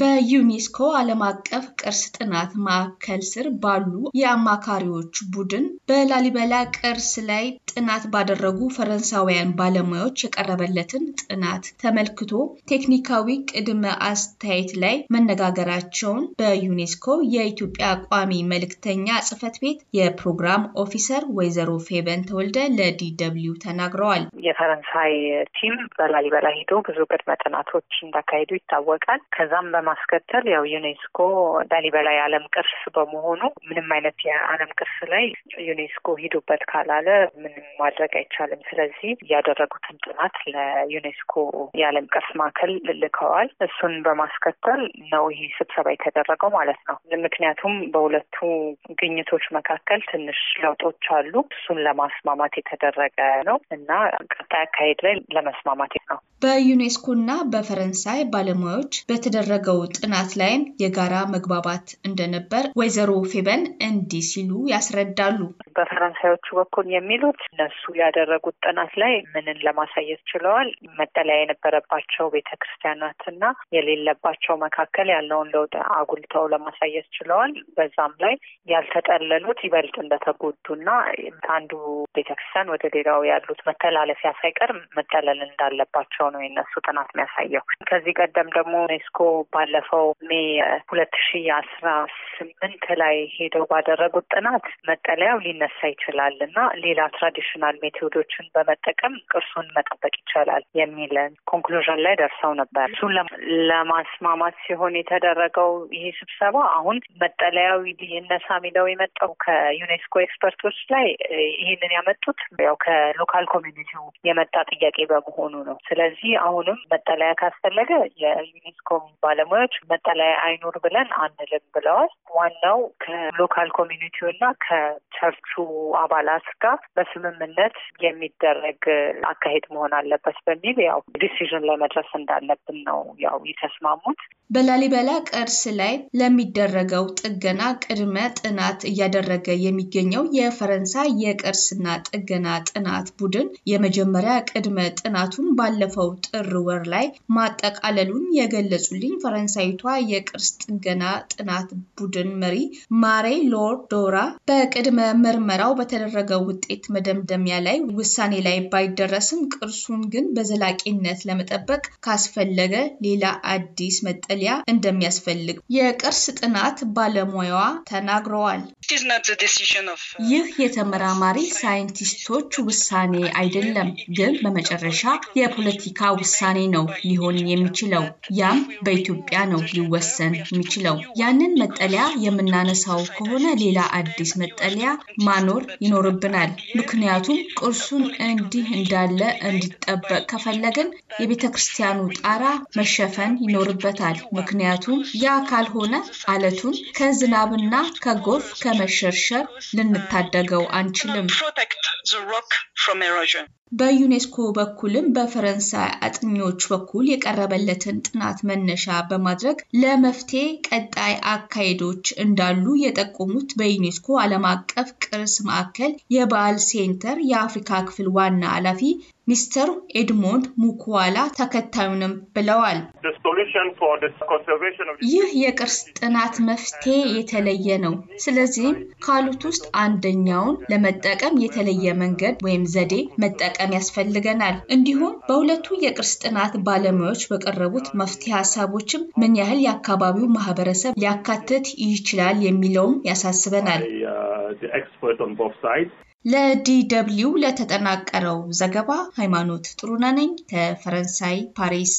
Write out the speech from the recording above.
በዩኔስኮ ዓለም አቀፍ ቅርስ ጥናት ማዕከል ስር ባሉ የአማካሪዎች ቡድን በላሊበላ ቅርስ ላይ ጥናት ባደረጉ ፈረንሳውያን ባለሙያዎች የቀረበለትን ጥናት ተመልክቶ ቴክኒካዊ ቅድመ አስተያየት ላይ መነጋገራቸውን በዩኔስኮ የኢትዮጵያ ቋሚ መልእክተኛ ጽህፈት ቤት የፕሮግራም ኦፊሰር ወይዘሮ ፌበን ተወልደ ለዲደብሊው ተናግረዋል። የፈረንሳይ ቲም በላሊበላ ሂዶ ብዙ ቅድመ ጥናቶች እንዳካሄዱ ይታወቃል። ከዛም በማስከተል ያው ዩኔስኮ ላሊበላ የዓለም ቅርስ በመሆኑ ምንም አይነት የዓለም ቅርስ ላይ ዩኔስኮ ሂዱበት ካላለ ምንም ማድረግ አይቻልም። ስለዚህ ያደረጉትን ጥናት ለዩኔስኮ የዓለም ቅርስ ማዕከል ልከዋል። እሱን በማስከተል ነው ይህ ስብሰባ የተደረገው ማለት ነው። ምክንያቱም በሁለቱ ግኝቶች መካከል ትንሽ ለውጦች አሉ። እሱን ለማስማማት የተደረገ ነው እና ቀጣይ አካሄድ ላይ ለመስማማት ነው። በዩኔስኮ እና በፈረንሳይ ባለሙያዎች በተደረገው ጥናት ላይም የጋራ መግባባት እንደነበር ወይዘሮ ፌበን እንዲህ ሲሉ ያስረዳሉ። በፈረንሳዮቹ በኩል የሚሉት እነሱ ያደረጉት ጥናት ላይ ምንን ለማሳየት ችለዋል? መጠለያ የነበረባቸው ቤተ ክርስቲያናት የሌለባቸው መካከል ያለውን ለውጥ አጉልተው ለማሳየት ችለዋል። በዛም ላይ ያልተጠለሉት ይበልጥ እንደተጎዱ እና አንዱ ቤተክርስቲያን ወደ ሌላው ያሉት መተላለፊያ ሳይቀር መጠለል እንዳለባቸው ነው የነሱ ጥናት የሚያሳየው። ከዚህ ቀደም ደግሞ ዩኔስኮ ባለፈው ሜ ሁለት ሺ አስራ ስምንት ላይ ሄደው ባደረጉት ጥናት መጠለያው ሊነሳ ይችላል እና ሌላ ትራዲሽናል ሜቶዶችን በመጠቀም ቅርሱን መጠበቅ ይቻላል የሚል ኮንክሉዥን ላይ ደርሰው ነበር። እሱን ለማስማማት ሲሆን የተደረገው ይሄ ስብሰባ አሁን መጠለያው ይነሳ የሚለው የመጣው ከዩኔስኮ ኤክስፐርቶች ላይ ይህንን ያመጡት ያው ከሎካል ኮሚኒቲው የመጣ ጥያቄ በመሆኑ ነው። ስለዚህ ስለዚህ አሁንም መጠለያ ካስፈለገ የዩኔስኮ ባለሙያዎች መጠለያ አይኖር ብለን አንልም ብለዋል። ዋናው ከሎካል ኮሚኒቲው እና ከቸርቹ አባላት ጋር በስምምነት የሚደረግ አካሄድ መሆን አለበት በሚል ያው ዲሲዥን ለመድረስ እንዳለብን ነው ያው የተስማሙት። በላሊበላ ቅርስ ላይ ለሚደረገው ጥገና ቅድመ ጥናት እያደረገ የሚገኘው የፈረንሳይ የቅርስና ጥገና ጥናት ቡድን የመጀመሪያ ቅድመ ጥናቱን ባለፈው ጥር ወር ላይ ማጠቃለሉን የገለጹልኝ ፈረንሳይቷ የቅርስ ጥገና ጥናት ቡድን መሪ ማሬ ሎር ዶራ በቅድመ ምርመራው በተደረገው ውጤት መደምደሚያ ላይ ውሳኔ ላይ ባይደረስም ቅርሱን ግን በዘላቂነት ለመጠበቅ ካስፈለገ ሌላ አዲስ መጠለያ ማጠቃለያ እንደሚያስፈልግ የቅርስ ጥናት ባለሙያዋ ተናግረዋል። uh, ይህ የተመራማሪ ሳይንቲስቶች ውሳኔ አይደለም፣ ግን በመጨረሻ የፖለቲካ ውሳኔ ነው ሊሆን የሚችለው። ያም በኢትዮጵያ ነው ሊወሰን የሚችለው። ያንን መጠለያ የምናነሳው ከሆነ ሌላ አዲስ መጠለያ ማኖር ይኖርብናል። ምክንያቱም ቅርሱን እንዲህ እንዳለ እንዲጠበቅ ከፈለግን የቤተ ክርስቲያኑ ጣራ መሸፈን ይኖርበታል። ምክንያቱም ያ ካልሆነ አለቱን ከዝናብና ከጎርፍ ከመሸርሸር ልንታደገው አንችልም። በዩኔስኮ በኩልም በፈረንሳይ አጥኚዎች በኩል የቀረበለትን ጥናት መነሻ በማድረግ ለመፍትሄ ቀጣይ አካሄዶች እንዳሉ የጠቆሙት በዩኔስኮ ዓለም አቀፍ ቅርስ ማዕከል የባህል ሴንተር የአፍሪካ ክፍል ዋና ኃላፊ ሚስተር ኤድሞንድ ሙኩዋላ ተከታዩንም ብለዋል። ይህ የቅርስ ጥናት መፍትሄ የተለየ ነው። ስለዚህም ካሉት ውስጥ አንደኛውን ለመጠቀም የተለየ መንገድ ወይም ዘዴ መጠቀም መጠቀም ያስፈልገናል። እንዲሁም በሁለቱ የቅርስ ጥናት ባለሙያዎች በቀረቡት መፍትሄ ሀሳቦችም ምን ያህል የአካባቢው ማህበረሰብ ሊያካትት ይችላል የሚለውም ያሳስበናል። ለዲደብሊው ለተጠናቀረው ዘገባ ሃይማኖት ጥሩነህ ነኝ ከፈረንሳይ ፓሪስ።